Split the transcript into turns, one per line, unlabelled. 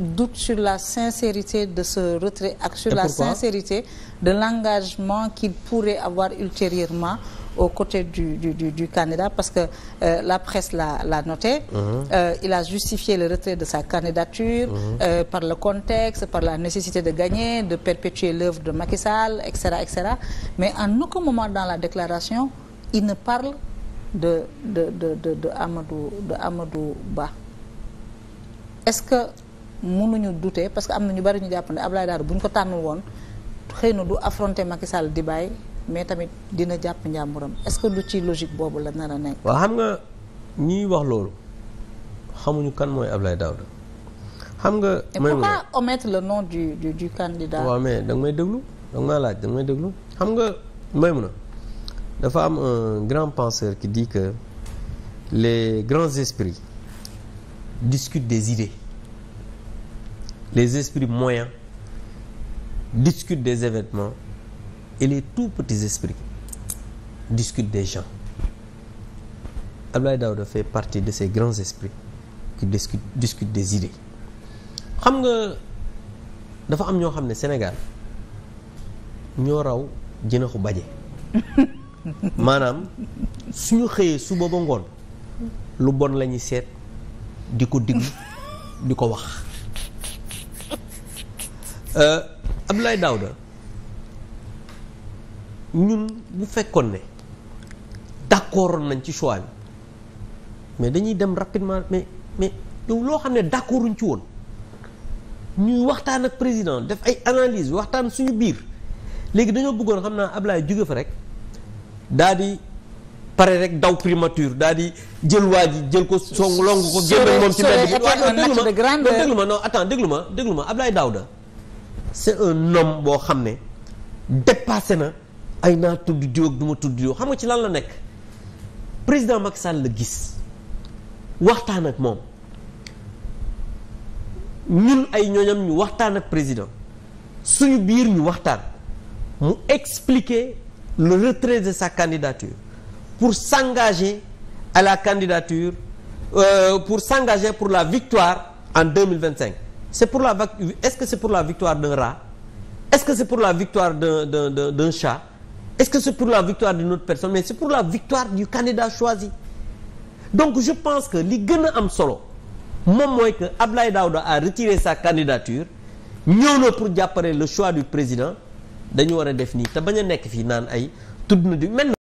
doute sur la sincérité de ce ak sur la sincérité de l'engagement qu'il pourrait avoir ultérieurement aux côtés du, du, du, du candidat parce que euh, la presse l'a noté. Uh il a justifié le retrait de sa candidature uh par le contexte, par la nécessité de gagner, de perpétuer l'œuvre de Macky Sall, etc., etc. Mais en aucun moment dans la déclaration, il ne parle de, de, de, de, de Amadou, Ba. mënuñu dute parce que am na ñu bari ñu jàpp ne Abdoulaye Daouda bu ñu ko tànnul woon xëy na du affronter Macky Sall di bàyyi mais tamit dina jàpp njàmburam est-ce que lu ci logique boobu la nar a nekk.
waaw xam nga ñuy wax loolu xamuñu kan mooy Abdoulaye Daouda xam nga. mooy pourquoi
omettre le nom du du du candidat. waaw
mais danga may déglu danga may laaj déglu xam nga may mun a dafa am un grand penseur qui dit que les grands esprits discutent des idées. les esprits moyens discutent des événements et les tout petits esprits discutent des gens Abdoulaye Daouda fait partie de ces grands esprits qui discutent des idées xam nga dafa am ñoo xam ne Sénégal ñoo raw jënaxu baje maanaam suñu xëyee suba ba ngoon lu bon la ñuy seet di ko digg di ko wax Euh, Abdoulaye Daouda ñun bu fekkoon ne d'accord nañ ci choix mais dañuy dem rapidement mais mais yow loo xam ne d'accorduñ ci woon ñuy waxtaan ak président def ay analyse waxtaan suñu biir léegi dañoo bëggoon xam naa Ablaye juge fa rek daa di pare rek daw primature daa di jël waa ji jël ko song long ko génn moom ci mbedd bi déglu ma non attends déglu ma déglu ma ablaay Daouda c'est un homme boo xam ne dépassé na ay naa tudd diw ak du ma tudd diw xam nga ci lan la nekk président Macky Sall la gis waxtaan ak moom ñun ay ñooñam ñu waxtaan ak président suñu biir ñu waxtaan mu expliquer le retrait de sa candidature pour s'engager à la candidature euh, pour s'engager pour la victoire en 2025 c'est pour la est-ce que c'est pour la victoire d'un rat est-ce que c'est pour la victoire d'un d'un d'un chat est-ce que c'est pour la victoire d'une autre personne mais c'est pour la victoire du candidat choisi donc je pense que li gën a am solo moom mooy que Abdoulaye Daouda a retiré sa candidature ñoo na pour jàppale le choix du président dañu war a def nii te bañ a nekk fii naan ay tudd na di